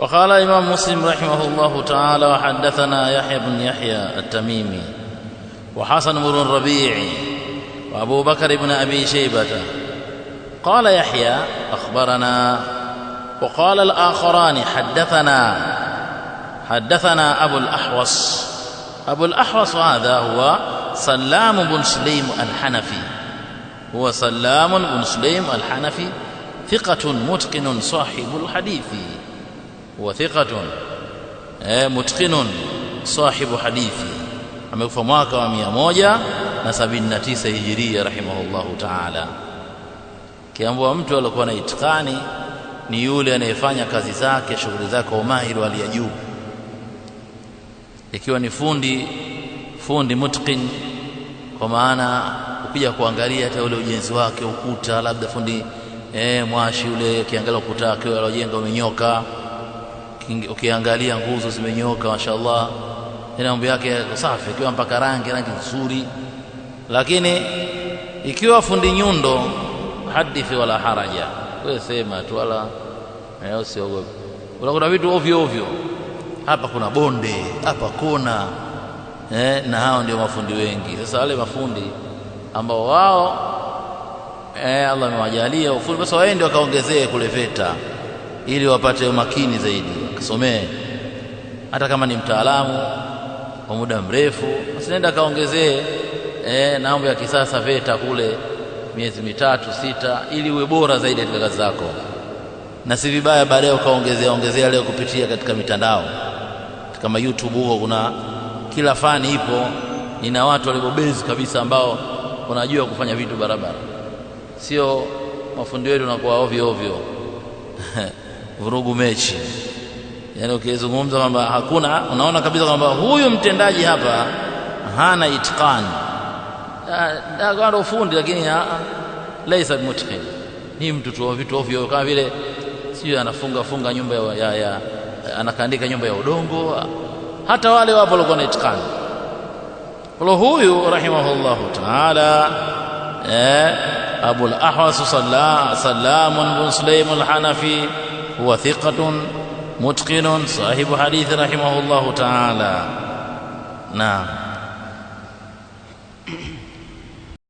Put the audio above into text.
وقال إمام مسلم رحمه الله تعالى وحدثنا يحيى بن يحيى التميمي وحسن بن الربيع وأبو بكر بن أبي شيبة قال يحيى أخبرنا وقال الآخران حدثنا حدثنا أبو الأحوص أبو الأحوص هذا هو سلام بن سليم الحنفي هو سلام بن سليم الحنفي ثقة متقن صاحب الحديث huwa thiqatun eh mutqinun sahibu hadithi amekufa mwaka wa 179 hijiria rahimahullahu ta'ala kiambiwa mtu alikuwa na itikani ni yule anayefanya kazi zake shughuli zake kwa umahiri wa ya juu ikiwa ni fundi fundi mutqin kwa maana ukija kuangalia hata ule ujenzi wake ukuta labda fundi eh mwashi ule kiangalia ukuta wake aliojenga umenyoka ukiangalia nguzo zimenyoka mashaallah ina yaani mambo yake safi ikiwa mpaka rangi rangi nzuri lakini ikiwa fundi nyundo hadithi wala haraja wewe sema tu wala eh, usiogope unakuta vitu ovyo ovyo hapa kuna bonde hapa kona eh, na hao ndio mafundi wengi sasa wale mafundi ambao wao eh, Allah amewajalia ufundi basi waende wakaongezee kule VETA ili wapate umakini zaidi asomee, hata kama ni mtaalamu kwa muda mrefu, asinaenda akaongezee eh, na mambo ya kisasa VETA kule miezi mitatu sita, ili uwe bora zaidi katika kazi zako, na si vibaya baadaye ukaongezea ongezea leo kupitia katika mitandao kama YouTube huko, kuna kila fani ipo. Nina watu walibobezi kabisa ambao wanajua kufanya vitu barabara, sio mafundi wetu nakuwa ovyo ovyo vurugu mechi yani ukizungumza kwamba hakuna, unaona kabisa kwamba huyu mtendaji hapa hana itqani ana ah, ah, ufundi lakini ah, laisa mutqin, Ni mtu tu vitu ovyo kama vile sijui anafunga funga nyumba ya, ya, ya anakaandika nyumba ya udongo. Hata wale wapo walikuwa na itqan. Kwa huyu rahimahullahu taala eh, Abul Ahwas Sallamun bin Sulaim Alhanafi huwa thiqatun متقن صاحب حديث رحمه الله تعالى نعم